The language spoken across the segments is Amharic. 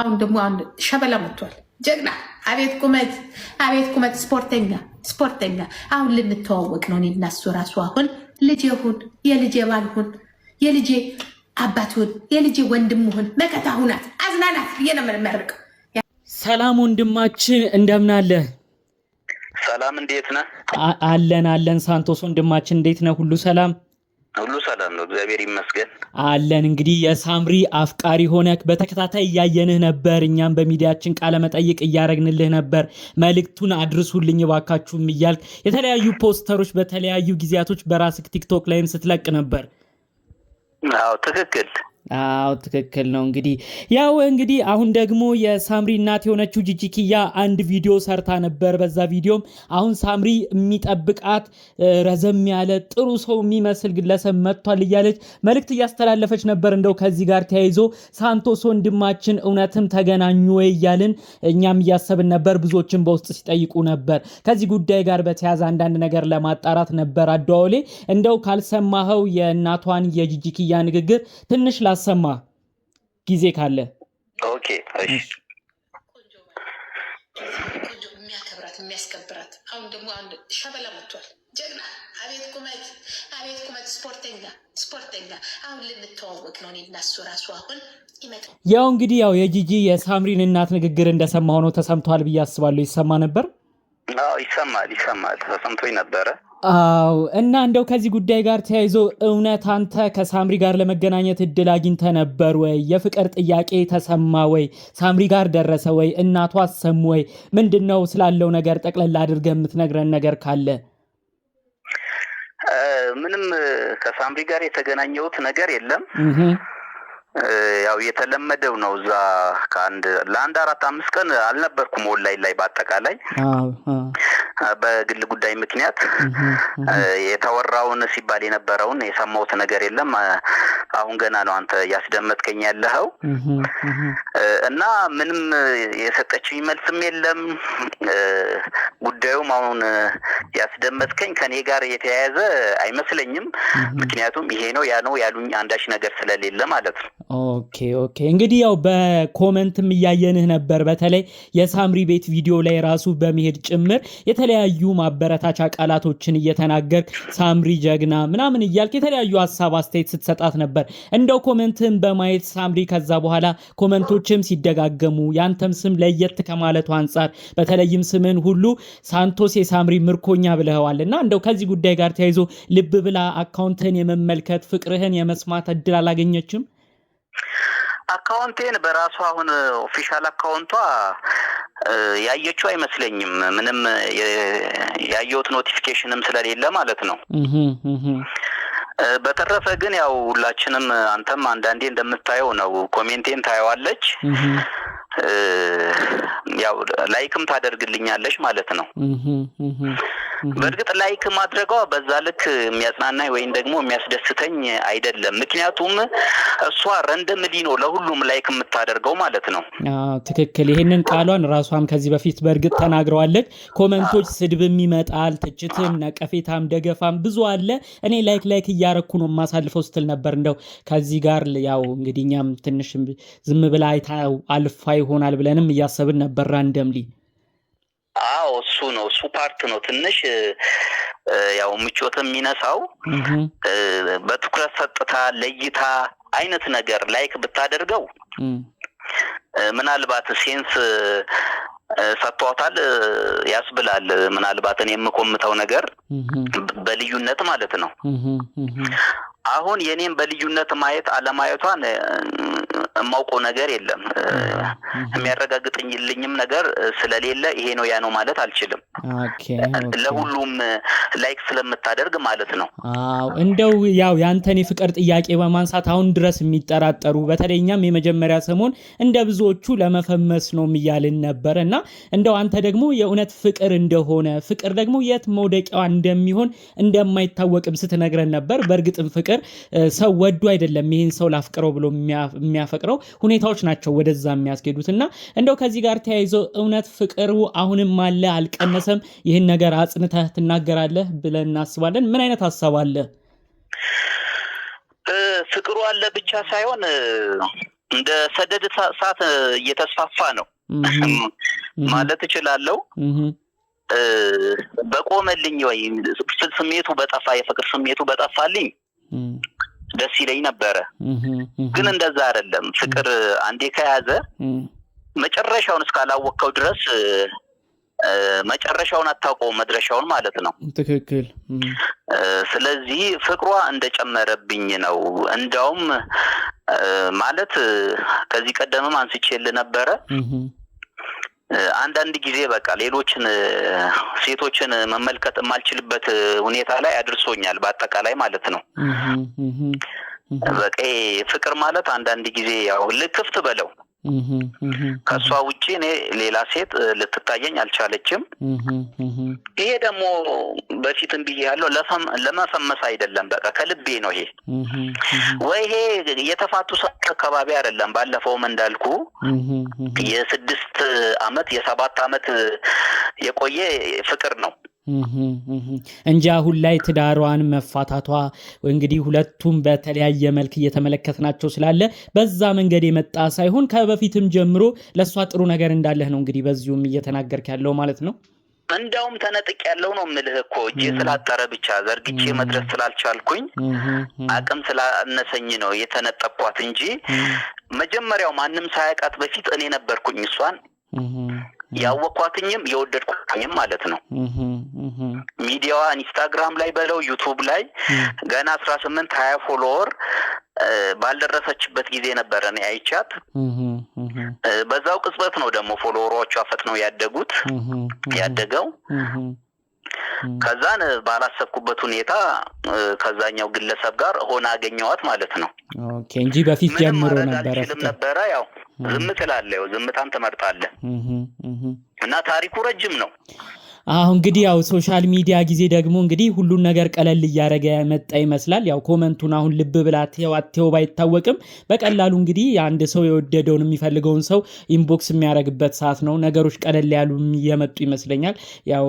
አሁን ደግሞ ሸበላ መጥቷል። ጀግና አቤት ቁመት አቤት ቁመት ስፖርተኛ ስፖርተኛ። አሁን ልንተዋወቅ ነው። እኔ እና እሱ ራሱ አሁን ልጄ ሁን የልጄ ባል ሁን የልጄ አባት ሁን የልጄ ወንድም ሁን መከታ ሁናት አዝናናት ብዬ ነው ሰላም ወንድማችን እንደምን አለ? ሰላም እንዴት ነህ? አለን አለን። ሳንቶስ ወንድማችን እንዴት ነህ? ሁሉ ሰላም እግዚአብሔር ይመስገን አለን። እንግዲህ የሳምሪ አፍቃሪ ሆነክ በተከታታይ እያየንህ ነበር። እኛም በሚዲያችን ቃለመጠይቅ እያረግንልህ ነበር። መልእክቱን አድርሱልኝ ባካችሁም እያልክ የተለያዩ ፖስተሮች በተለያዩ ጊዜያቶች በራስክ ቲክቶክ ላይም ስትለቅ ነበር። አዎ ትክክል አዎ ትክክል ነው። እንግዲህ ያው እንግዲህ አሁን ደግሞ የሳምሪ እናት የሆነችው ጂጂኪያ አንድ ቪዲዮ ሰርታ ነበር። በዛ ቪዲዮም አሁን ሳምሪ የሚጠብቃት ረዘም ያለ ጥሩ ሰው የሚመስል ግለሰብ መጥቷል እያለች መልእክት እያስተላለፈች ነበር። እንደው ከዚህ ጋር ተያይዞ ሳንቶስ ወንድማችን እውነትም ተገናኙ ወይ እያልን እኛም እያሰብን ነበር። ብዙዎችን በውስጥ ሲጠይቁ ነበር። ከዚህ ጉዳይ ጋር በተያያዘ አንዳንድ ነገር ለማጣራት ነበር አደዋውሌ። እንደው ካልሰማኸው የእናቷን የጂጂኪያ ንግግር ትንሽ ላስ ሰማ ጊዜ ካለ ኦኬ። የሚያከብራት የሚያስከብራት። አሁን ደግሞ አንድ ሸበላ መጥቷል። ጀግና! አቤት ቁመት! አቤት ቁመት! ስፖርተኛ ስፖርተኛ። አሁን ልንተዋወቅ ነው እሱ ራሱ አሁን ይመጣል። ያው እንግዲህ ያው የጂጂ የሳምሪን እናት ንግግር እንደሰማ ሆኖ ተሰምተዋል ብዬ አስባለሁ። ይሰማ ነበር? ይሰማል፣ ይሰማል። ተሰምቶኝ ነበረ አዎ እና እንደው ከዚህ ጉዳይ ጋር ተያይዞ እውነት አንተ ከሳምሪ ጋር ለመገናኘት እድል አግኝተ ነበር ወይ? የፍቅር ጥያቄ ተሰማ ወይ? ሳምሪ ጋር ደረሰ ወይ? እናቷ አሰሙ ወይ? ምንድን ነው ስላለው ነገር ጠቅለል አድርገ የምትነግረን ነገር ካለ? ምንም ከሳምሪ ጋር የተገናኘሁት ነገር የለም። ያው የተለመደው ነው። እዛ ከአንድ ለአንድ አራት አምስት ቀን አልነበርኩም ኦንላይን ላይ በአጠቃላይ በግል ጉዳይ ምክንያት የተወራውን ሲባል የነበረውን የሰማሁት ነገር የለም። አሁን ገና ነው አንተ እያስደመጥከኝ ያለኸው እና ምንም የሰጠችኝ መልስም የለም። ጉዳዩም አሁን ያስደመጥከኝ ከኔ ጋር የተያያዘ አይመስለኝም። ምክንያቱም ይሄ ነው ያ ነው ያሉኝ አንዳች ነገር ስለሌለ ማለት ነው። ኦኬ ኦኬ እንግዲህ ያው በኮመንትም እያየንህ ነበር። በተለይ የሳምሪ ቤት ቪዲዮ ላይ ራሱ በመሄድ ጭምር የተለያዩ ማበረታቻ ቃላቶችን እየተናገርክ ሳምሪ ጀግና ምናምን እያልክ የተለያዩ ሀሳብ አስተያየት ስትሰጣት ነበር። እንደው ኮመንትህን በማየት ሳምሪ ከዛ በኋላ ኮመንቶችም ሲደጋገሙ ያንተም ስም ለየት ከማለቱ አንጻር በተለይም ስምን ሁሉ ሳንቶስ የሳምሪ ምርኮኛ ብለኸዋል እና እንደው ከዚህ ጉዳይ ጋር ተያይዞ ልብ ብላ አካውንትህን የመመልከት ፍቅርህን የመስማት እድል አላገኘችም? አካውንቴን በራሷ አሁን ኦፊሻል አካውንቷ ያየችው አይመስለኝም። ምንም ያየሁት ኖቲፊኬሽንም ስለሌለ ማለት ነው። በተረፈ ግን ያው ሁላችንም አንተም አንዳንዴ እንደምታየው ነው፣ ኮሜንቴን ታየዋለች ያው ላይክም ታደርግልኛለች ማለት ነው። በእርግጥ ላይክ ማድረጓ በዛ ልክ የሚያጽናናኝ ወይም ደግሞ የሚያስደስተኝ አይደለም። ምክንያቱም እሷ ረንደምሊ ነው ለሁሉም ላይክ የምታደርገው ማለት ነው። ትክክል። ይህንን ቃሏን ራሷም ከዚህ በፊት በእርግጥ ተናግረዋለች። ኮመንቶች ስድብም ይመጣል፣ ትችትም፣ ነቀፌታም፣ ደገፋም ብዙ አለ። እኔ ላይክ ላይክ እያረኩ ነው የማሳልፈው ስትል ነበር። እንደው ከዚህ ጋር ያው እንግዲህ እኛም ትንሽ ዝም ብላ አይታ አልፋ ይሆናል ብለንም እያሰብን ነበር። ራንደምሊ አዎ፣ እሱ ነው እሱ ፓርት ነው ትንሽ ያው ምቾት የሚነሳው በትኩረት ሰጥታ ለይታ አይነት ነገር ላይክ ብታደርገው ምናልባት ሴንስ ሰጥቷታል ያስብላል። ምናልባት እኔ የምቆምተው ነገር በልዩነት ማለት ነው። አሁን የእኔም በልዩነት ማየት አለማየቷን የማውቀው ነገር የለም። የሚያረጋግጥልኝም ነገር ስለሌለ ይሄ ነው ያ ነው ማለት አልችልም። ለሁሉም ላይክ ስለምታደርግ ማለት ነው። አዎ እንደው ያው ያንተን የፍቅር ጥያቄ በማንሳት አሁን ድረስ የሚጠራጠሩ በተለይኛም የመጀመሪያ ሰሞን እንደ ብዙዎቹ ለመፈመስ ነው እያልን ነበር እና እንደው አንተ ደግሞ የእውነት ፍቅር እንደሆነ ፍቅር ደግሞ የት መውደቂያዋ እንደሚሆን እንደማይታወቅም ስትነግረን ነበር። በእርግጥም ፍቅር ሰው ወዱ አይደለም ይህን ሰው ላፍቅረው ብሎ የሚያፈቅረው ሁኔታዎች ናቸው ወደዛ የሚያስኬዱት እና እንደው ከዚህ ጋር ተያይዞ እውነት ፍቅሩ አሁንም አለ አልቀነሰ አንተም ይህን ነገር አጽንተህ ትናገራለህ ብለን እናስባለን። ምን አይነት ሀሳብ አለ? ፍቅሩ አለ ብቻ ሳይሆን እንደ ሰደድ እሳት እየተስፋፋ ነው ማለት እችላለሁ። በቆመልኝ ወይ ስሜቱ በጠፋ የፍቅር ስሜቱ በጠፋልኝ ደስ ይለኝ ነበረ። ግን እንደዛ አይደለም። ፍቅር አንዴ ከያዘ መጨረሻውን እስካላወቅከው ድረስ መጨረሻውን አታውቀውም መድረሻውን ማለት ነው። ትክክል። ስለዚህ ፍቅሯ እንደጨመረብኝ ነው። እንዲያውም ማለት ከዚህ ቀደምም አንስቼልህ ነበረ። አንዳንድ ጊዜ በቃ ሌሎችን ሴቶችን መመልከት የማልችልበት ሁኔታ ላይ አድርሶኛል፣ በአጠቃላይ ማለት ነው። በቃ ፍቅር ማለት አንዳንድ ጊዜ ያው ልክፍት በለው ከእሷ ውጭ እኔ ሌላ ሴት ልትታየኝ አልቻለችም። ይሄ ደግሞ በፊትም ብዬ ያለው ለመፈመስ አይደለም፣ በቃ ከልቤ ነው። ይሄ ወይ ይሄ የተፋቱ ሰዓት አካባቢ አይደለም። ባለፈውም እንዳልኩ የስድስት አመት የሰባት አመት የቆየ ፍቅር ነው። እንጂ አሁን ላይ ትዳሯን መፋታቷ እንግዲህ ሁለቱም በተለያየ መልክ እየተመለከትናቸው ስላለ በዛ መንገድ የመጣ ሳይሆን ከበፊትም ጀምሮ ለእሷ ጥሩ ነገር እንዳለህ ነው እንግዲህ በዚሁም እየተናገርክ ያለው ማለት ነው። እንዲያውም ተነጥቅ ያለው ነው ምልህ እኮ እጄ ስላጠረ ብቻ ዘርግቼ መድረስ ስላልቻልኩኝ አቅም ስላነሰኝ ነው የተነጠቋት እንጂ መጀመሪያው ማንም ሳያውቃት በፊት እኔ ነበርኩኝ እሷን ያወኳትኝም የወደድኳትኝም ማለት ነው። ሚዲያዋ ኢንስታግራም ላይ በለው ዩቱብ ላይ ገና አስራ ስምንት ሀያ ፎሎወር ባልደረሰችበት ጊዜ ነበረ እኔ አይቻት። በዛው ቅጽበት ነው ደግሞ ፎሎወሮቿ ፈጥነው ያደጉት ያደገው ከዛን ባላሰብኩበት ሁኔታ ከዛኛው ግለሰብ ጋር ሆነ አገኘዋት ማለት ነው እንጂ በፊት ጀምሮ ነበረ ነበረ ያው ዝም ትላለህ፣ ዝምታን ትመርጣለህ። እና ታሪኩ ረጅም ነው። አሁን እንግዲህ ያው ሶሻል ሚዲያ ጊዜ ደግሞ እንግዲህ ሁሉን ነገር ቀለል እያደረገ መጣ ይመስላል። ያው ኮመንቱን አሁን ልብ ብላ አትየው ባይታወቅም በቀላሉ እንግዲህ አንድ ሰው የወደደውን የሚፈልገውን ሰው ኢንቦክስ የሚያደርግበት ሰዓት ነው። ነገሮች ቀለል ያሉ የመጡ ይመስለኛል። ያው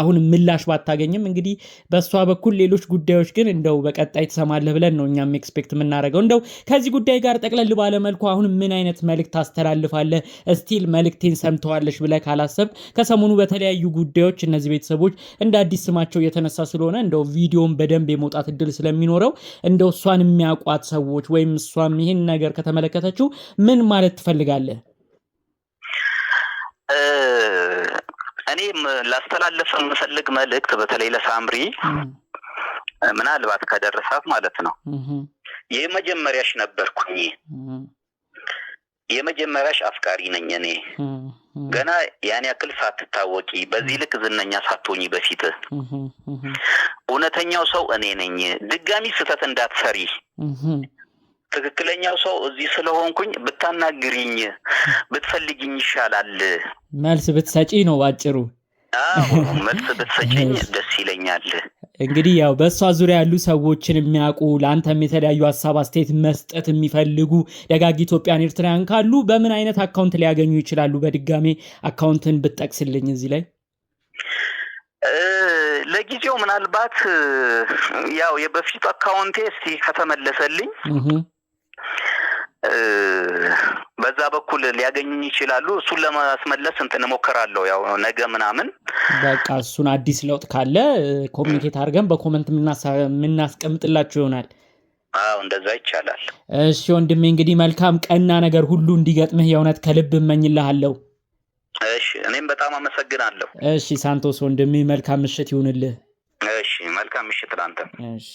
አሁን ምላሽ ባታገኝም እንግዲህ በእሷ በኩል ሌሎች ጉዳዮች ግን እንደው በቀጣይ ትሰማለህ ብለን ነው እኛም ኤክስፔክት የምናደርገው። እንደው ከዚህ ጉዳይ ጋር ጠቅለል ባለመልኩ አሁን ምን አይነት መልእክት ታስተላልፋለህ? እስቲል መልእክቴን ሰምተዋለች ብለህ ካላሰብክ ከሰሞኑ በተለያዩ በተለያዩ ጉዳዮች እነዚህ ቤተሰቦች እንደ አዲስ ስማቸው እየተነሳ ስለሆነ እንደው ቪዲዮን በደንብ የመውጣት እድል ስለሚኖረው እንደው እሷን የሚያውቋት ሰዎች ወይም እሷም ይህን ነገር ከተመለከተችው ምን ማለት ትፈልጋለህ? እኔ ላስተላለፍ የምፈልግ መልእክት በተለይ ለሳምሪ ምናልባት ከደረሳት ማለት ነው የመጀመሪያሽ ነበርኩኝ የመጀመሪያሽ አፍቃሪ ነኝ እኔ ገና ያን ያክል ሳትታወቂ በዚህ ልክ ዝነኛ ሳትሆኚ በፊት እውነተኛው ሰው እኔ ነኝ። ድጋሚ ስህተት እንዳትሰሪ ትክክለኛው ሰው እዚህ ስለሆንኩኝ ብታናግሪኝ፣ ብትፈልጊኝ ይሻላል። መልስ ብትሰጪ ነው ባጭሩ። አዎ መልስ ብትሰጪኝ ደስ ይለኛል። እንግዲህ ያው በእሷ ዙሪያ ያሉ ሰዎችን የሚያውቁ ለአንተም የተለያዩ ሀሳብ አስተያየት መስጠት የሚፈልጉ ደጋግ ኢትዮጵያን ኤርትራውያን ካሉ በምን አይነት አካውንት ሊያገኙ ይችላሉ? በድጋሜ አካውንትን ብትጠቅስልኝ እዚህ ላይ ለጊዜው ምናልባት ያው የበፊቱ አካውንቴ እስቲ ከተመለሰልኝ በዛ በኩል ሊያገኙኝ ይችላሉ። እሱን ለማስመለስ እንትን እሞክራለሁ ያው ነገ ምናምን በቃ እሱን አዲስ ለውጥ ካለ ኮሚኒኬት አድርገን በኮመንት የምናስቀምጥላችሁ ይሆናል። አዎ እንደዛ ይቻላል። እሺ ወንድሜ እንግዲህ መልካም ቀና ነገር ሁሉ እንዲገጥምህ የእውነት ከልብ እመኝልሃለሁ። እሺ እኔም በጣም አመሰግናለሁ። እሺ ሳንቶስ ወንድሜ መልካም ምሽት ይሁንልህ። እሺ መልካም ምሽት ላንተም። እሺ